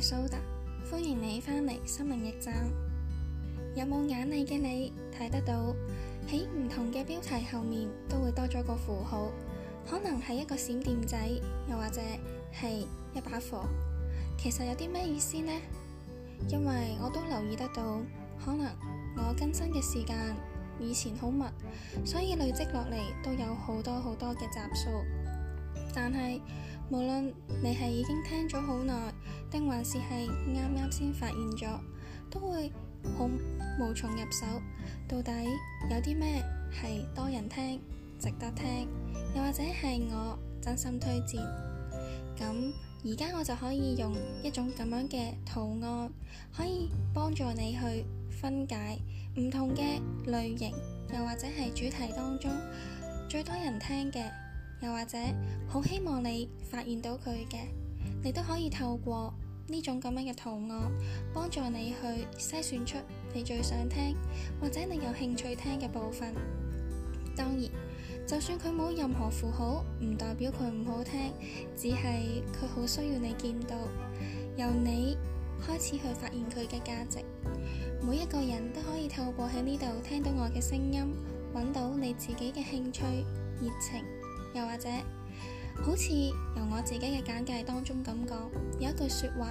蘇達，歡迎你翻嚟心靈驛站。有冇眼利嘅你睇得到喺唔同嘅標題後面都會多咗個符號，可能係一個閃電仔，又或者係一把火。其實有啲咩意思呢？因為我都留意得到，可能我更新嘅時間以前好密，所以累積落嚟都有好多好多嘅集數。但係無論你係已經聽咗好耐，定還是係啱啱先發現咗，都會好無從入手。到底有啲咩係多人聽、值得聽，又或者係我真心推薦？咁而家我就可以用一種咁樣嘅圖案，可以幫助你去分解唔同嘅類型，又或者係主題當中最多人聽嘅，又或者好希望你發現到佢嘅。你都可以透過呢種咁樣嘅圖案，幫助你去篩選出你最想聽或者你有興趣聽嘅部分。當然，就算佢冇任何符號，唔代表佢唔好聽，只係佢好需要你見到，由你開始去發現佢嘅價值。每一個人都可以透過喺呢度聽到我嘅聲音，揾到你自己嘅興趣、熱情，又或者。好似由我自己嘅簡介當中咁講，有一句說話，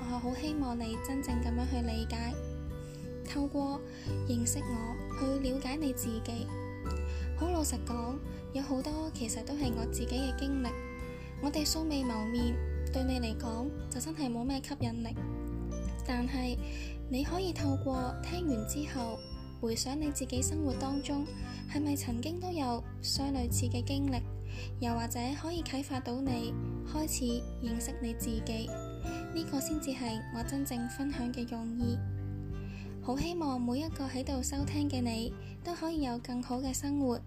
我係好希望你真正咁樣去理解，透過認識我去了解你自己。好老實講，有好多其實都係我自己嘅經歷。我哋素未謀面，對你嚟講就真係冇咩吸引力。但係你可以透過聽完之後，回想你自己生活當中係咪曾經都有相類似嘅經歷？又或者可以啟發到你開始認識你自己，呢個先至係我真正分享嘅用意。好希望每一個喺度收聽嘅你都可以有更好嘅生活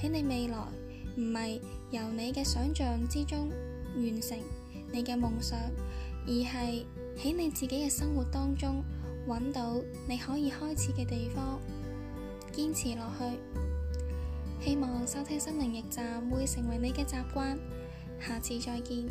喺你未來，唔係由你嘅想象之中完成你嘅夢想，而係喺你自己嘅生活當中揾到你可以開始嘅地方，堅持落去。收聽心靈驛站會成為你嘅習慣，下次再見。